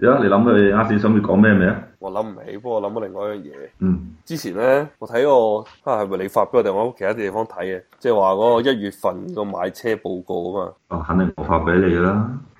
你諗咗你啱先想住講咩未啊？我諗唔起，不過諗到另外一樣嘢。嗯，之前咧我睇過啊係咪你發俾我哋？我喺其他地方睇嘅？即係話嗰個一月份個買車報告啊嘛。哦、嗯，肯定冇發俾你啦。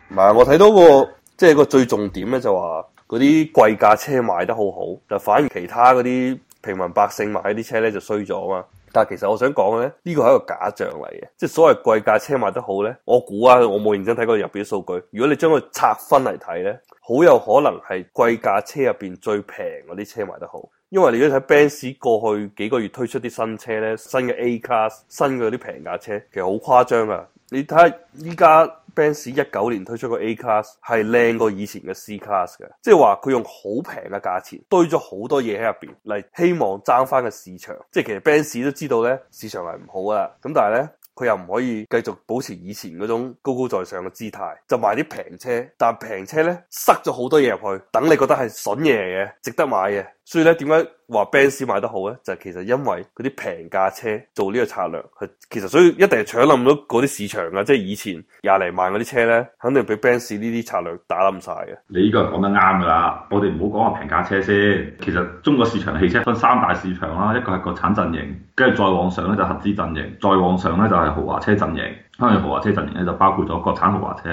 唔係、那個，我睇到個即係個最重點咧，就話嗰啲貴價車賣得好好，就反而其他嗰啲平民百姓買啲車咧就衰咗啊嘛。但係其實我想講咧，呢個係一個假象嚟嘅，即係所謂貴價車賣得好咧。我估啊，我冇認真睇過入邊啲數據。如果你將佢拆分嚟睇咧，好有可能係貴價車入邊最平嗰啲車賣得好。因為你如果睇 Benz 過去幾個月推出啲新車咧，新嘅 A Class，新嘅嗰啲平價車，其實好誇張啊！你睇下依家。Benz 一九年推出個 A Class 係靚過以前嘅 C Class 嘅，即係話佢用好平嘅價錢堆咗好多嘢喺入邊，嚟希望爭翻個市場。即係其實 Benz 都知道咧，市場係唔好啦。咁但係咧，佢又唔可以繼續保持以前嗰種高高在上嘅姿態，就賣啲平車。但係平車咧，塞咗好多嘢入去，等你覺得係筍嘢嘅，值得買嘅。所以咧，點解話 Benz 賣得好咧？就係、是、其實因為嗰啲平價車做呢個策略，係其實所以一定係搶冧咗嗰啲市場噶。即係以前廿嚟萬嗰啲車咧，肯定俾 Benz 呢啲策略打冧晒嘅。你呢個講得啱㗎啦，我哋唔好講話平價車先。其實中國市場汽車分三大市場啦，一個係國產陣營，跟住再往上咧就合資陣營，再往上咧就係豪華車陣營。因為豪華車陣營咧就包括咗國產豪華車，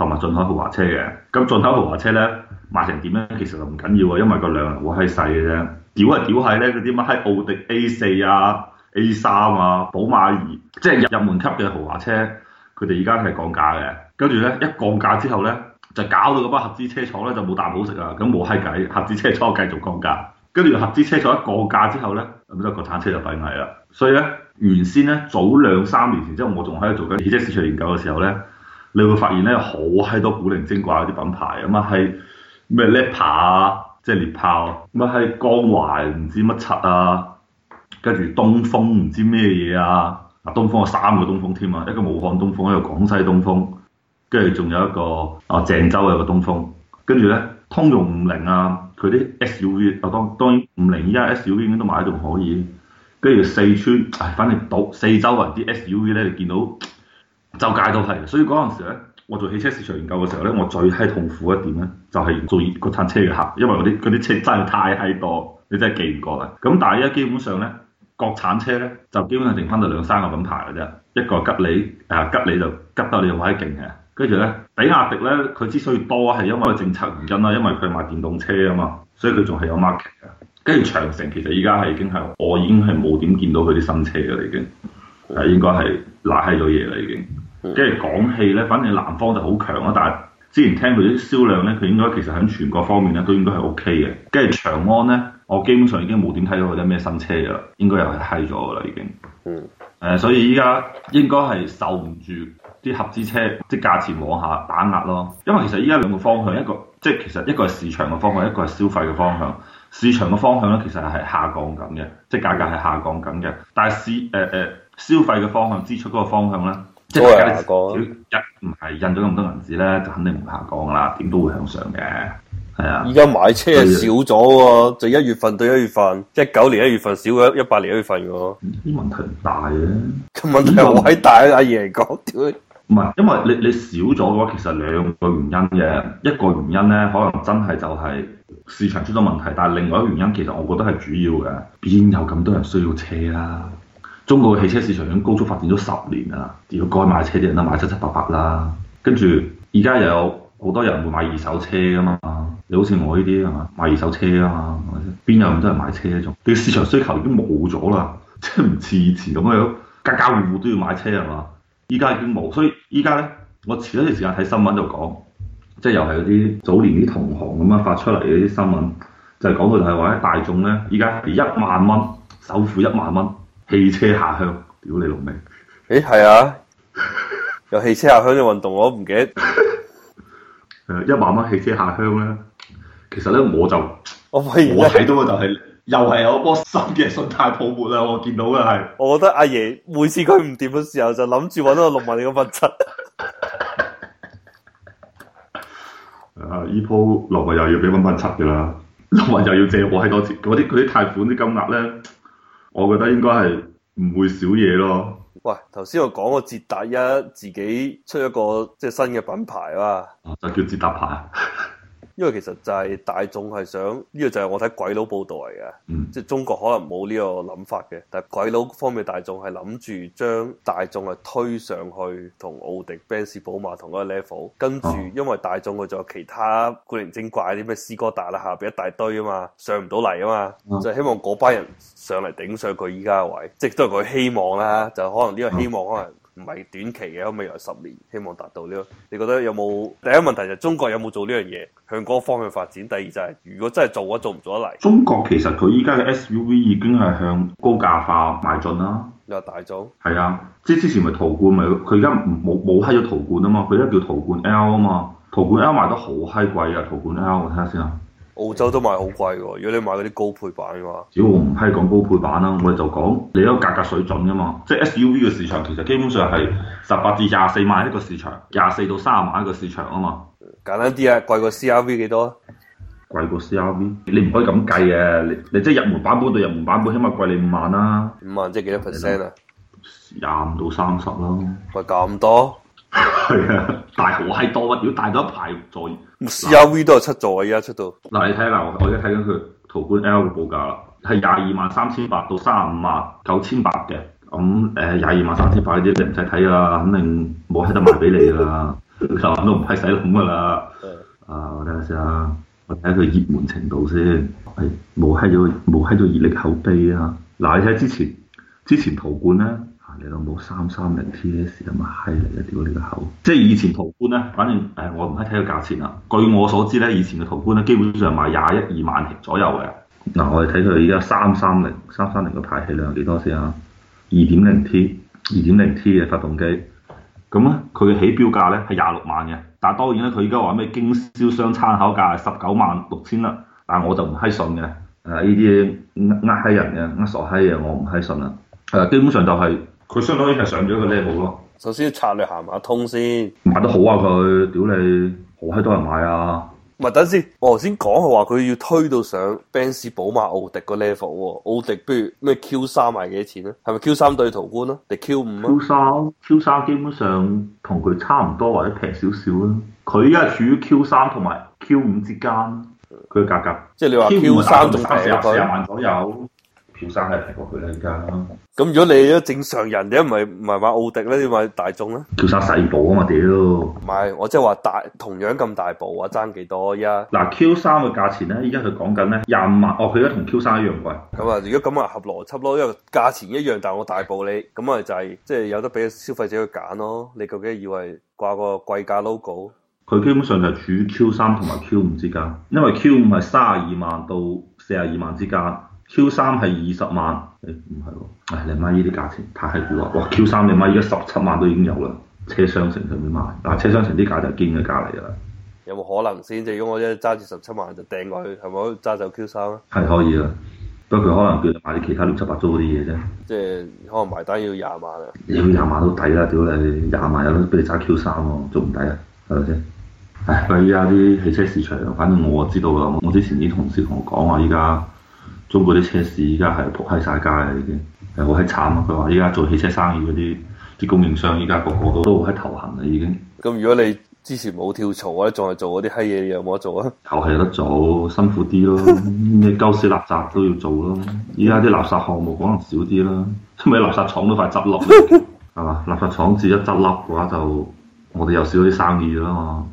同埋進口豪華車嘅，咁進口豪華車咧賣成點咧，其實就唔緊要啊，因為個量好閪細嘅啫。屌係屌係咧，嗰啲乜喺奧迪 A 四啊、A 三啊、寶馬二，即係入門級嘅豪華車，佢哋而家係降價嘅。跟住咧，一降價之後咧，就搞到嗰班合資車廠咧就冇啖好食啊！咁冇閪計，合資車廠繼續降價。跟住合資車廠一降價之後咧，咁即係國產車就閉翳啦。所以咧，原先咧早兩三年前之後，即我仲喺度做緊汽車市場研究嘅時候咧。你會發現咧，好閪多古靈精怪嗰啲品牌，咁啊係咩獵扒啊，即係獵豹，乜係江淮唔知乜柒啊，跟住東風唔知咩嘢啊，嗱東風有三個東風添啊，一個武漢東風，一個廣西東風，跟住仲有一個啊鄭州有個東風，跟住咧通用五菱啊，佢啲 SUV 啊、哦，當當然五菱依家 SUV 應該都賣得仲可以，跟住四川唉、哎，反正到四周圍啲 SUV 咧就見到，就介到係，所以嗰陣時咧，我做汽車市場研究嘅時候咧，我最係痛苦一點咧，就係、是、做國產車嘅客，因為嗰啲啲車真係太閪多，你真係記唔過啊！咁但係依家基本上咧，國產車咧就基本上剩翻到兩三個品牌嘅啫，一個吉利啊，吉利就吉利你玩得勁嘅，跟住咧比亞迪咧，佢之所以多係因為政策原因啦，因為佢賣電動車啊嘛，所以佢仲係有 market 嘅。跟住長城其實依家係已經係我已經係冇點見到佢啲新車嘅，已經係應該係攋閪咗嘢啦，已經。跟住廣汽咧，反正南方就好強啊。但係之前聽佢啲銷量咧，佢應該其實喺全國方面咧都應該係 O K 嘅。跟住長安咧，我基本上已經冇點睇到佢啲咩新車嘅啦，應該又係閪咗嘅啦，已經。嗯。誒、呃，所以依家應該係受唔住啲合資車即係價錢往下打壓咯。因為其實依家兩個方向，一個即係其實一個係市場嘅方向，一個係消費嘅方向。市場嘅方向咧，其實係下降緊嘅，即係價格係下降緊嘅。但係市誒誒、呃呃、消費嘅方向，支出嗰個方向咧。即係而家，一唔係印咗咁多銀紙咧，就肯定唔下降噶啦，點都會向上嘅，係啊！而家買車少咗喎，就一月份到一月份，一九年一月份少咗一八年一月份嘅、啊，啲問題唔大嘅。個問題好鬼大啊！阿爺講，唔係為、啊，因為你你少咗嘅話，其實兩個原因嘅，一個原因咧，可能真係就係市場出咗問題，但係另外一個原因，其實我覺得係主要嘅，邊有咁多人需要車啦、啊？中國汽車市場已經高速發展咗十年啊，要該買車啲人都買七七八八啦，跟住而家又有好多人會買二手車啊嘛。你好似我呢啲係嘛買二手車啊嘛，邊有咁多人買車仲？對市場需求已經冇咗啦，即係唔似以前咁樣家家戶戶都要買車啊嘛。依家已經冇，所以依家咧，我前一啲時間睇新聞就講，即係又係嗰啲早年啲同行咁啊發出嚟啲新聞，就係、是、講到就係話咧，大眾咧依家俾一萬蚊首付一萬蚊。汽車下鄉，屌你老味。誒、欸，係啊，有汽車下鄉嘅運動，我都唔記得。誒， 一萬蚊汽車下鄉咧，其實咧我就我睇不到嘅就係、是、又係有一波新嘅信貸泡沫啦，我見到嘅係。我覺得阿爺每次佢唔掂嘅時候，就諗住揾個農民嚟咁分七。啊！呢鋪農民又要俾分分七噶啦，農民又要借我喺多嗰啲嗰啲貸款啲金額咧。我覺得應該係唔會少嘢咯。喂，頭先我講個捷達，一自己出一個即係新嘅品牌啊，就叫捷達牌。 因為其實就係大眾係想呢、呢個就係我睇鬼佬報道嚟嘅，嗯、即係中國可能冇呢個諗法嘅，但係鬼佬方面大眾係諗住將大眾係推上去同奧迪、Benz、嗯、寶馬同一個 level，跟住因為大眾佢仲有其他古靈精怪啲咩斯柯達啦，下邊一大堆啊嘛，上唔到嚟啊嘛，嗯、就希望嗰班人上嚟頂上佢依家嘅位，即係都係佢希望啦、啊，嗯、就可能呢個希望可能。唔係短期嘅，我未來十年希望達到呢、這個。你覺得有冇第一個問題就中國有冇做呢樣嘢向嗰個方向發展？第二就係、是、如果真係做，做唔做得嚟？中國其實佢依家嘅 SUV 已經係向高價化邁進啦。又大咗眾。係啊，即係之前咪途觀咪？佢而家冇冇閪咗途觀啊嘛？佢而家叫途觀 L 啊嘛？途觀 L 賣得好閪貴啊！途觀 L 我睇下先啊。澳洲都賣好貴嘅，如果你買嗰啲高配版嘅話。我唔係講高配版啦，我哋就講你一個價格水準噶嘛，即係 SUV 嘅市場其實基本上係十八至廿四萬一個市場，廿四到三十萬一個市場啊嘛。簡單啲啊，貴過 CRV 幾多？貴過 CRV？你唔可以咁計嘅，你你即係入門版本對入門版本起碼貴你五萬啦。五萬即係幾多 percent 啊？廿五到三十咯。貴咁多？係啊，大好閪多啊！屌大到一排座椅，CRV 都係七座啊，而家出到嗱，你睇下嗱，我而家睇緊佢途觀 L 嘅報價啦，係廿二萬三千八到三十五萬九千八嘅。咁、啊、誒，廿二萬三千八呢啲你唔使睇啊，肯定冇得賣俾你噶啦， 都唔係使諗噶啦。 啊，我睇下先啊，我睇下佢熱門程度先，係冇喺度，冇喺度熱力口碑啊！嗱、啊啊，你睇之前之前途觀咧。你老母三三零 T S 咁閪嚟嘅，屌你個口！即係以前途觀咧，反正誒、呃，我唔閪睇個價錢啦。據我所知咧，以前嘅途觀咧基本上賣廿一二萬左右嘅。嗱、呃，我哋睇佢而家三三零三三零嘅排氣量幾多先啊？二點零 T，二點零 T 嘅發動機。咁咧、嗯，佢嘅起標價咧係廿六萬嘅，但係當然咧，佢而家話咩經銷商參考價係十九萬六千啦。但係我就唔閪信嘅，誒呢啲呃呃閪人嘅，呃傻閪嘅，我唔閪信啦。誒，基本上就係、是。佢相當於係上咗個 level 咯。首先策略行下通先，賣得好啊！佢屌你，好閪多人買啊！咪等先，我頭先講係話佢要推到上 Benz、寶馬、奧迪個 level 喎。奧迪不如咩 Q 三賣幾錢啊？係咪 Q 三對途觀啦？定 Q 五啊？Q 三、Q 三基本上同佢差唔多或者平少少啦。佢依家係處於 Q 三同埋 Q 五之間，佢嘅價格。的即係你話 Q 三仲平啊？四十萬左右。Q 三係平過佢兩間。咁如果你都正常人，你唔係唔係買奧迪咧，你買大眾咧？Q 三細部啊嘛，屌！唔係，我即係話大同樣咁大部，我爭幾多？依家，嗱，Q 三嘅價錢咧，依家佢講緊咧廿五萬，哦，佢而家同 Q 三一樣貴。咁、欸、啊，如果咁啊合邏輯咯，因為價錢一樣，但係我大部你，咁啊就係即係有得俾消費者去揀咯。你究竟以為掛個貴價 logo？佢基本上就係處於 Q 三同埋 Q 五之間，因為 Q 五係三十二萬到四十二萬之間。Q 三係二十萬，誒唔係喎，誒、哦哎、你媽呢啲價錢太低估哇，Q 三你媽而家十七萬都已經有啦，車商城上邊賣，嗱、啊、車商城啲價就係堅嘅價嚟啦。有冇可能先？就如果我一揸住十七萬就掟過去，係咪好揸走 Q 三啊？係可以啦，不過佢可能叫做賣啲其他亂七八糟啲嘢啫。即係可能埋單要廿萬啊！你要廿萬都抵啦，屌你廿萬有得俾你揸 Q 三喎，仲唔抵啊？係咪先？唉，關於而家啲汽車市場，反正我我知道啦，我之前啲同事同我講話，依家。中國啲車市依家係仆喺晒街啦，已經係好閪慘啊！佢話依家做汽車生意嗰啲啲供應商，依家個個都都好閪頭痕啦，已經。咁如果你之前冇跳槽，咧仲係做嗰啲閪嘢，你有冇得做啊？頭係有得做，辛苦啲咯，咩鳩屎垃圾都要做咯。依家啲垃圾項目可能少啲啦，出面垃圾廠都快執笠啦，係嘛？ 垃圾廠至一執笠嘅話，就我哋又少啲生意啦嘛。啊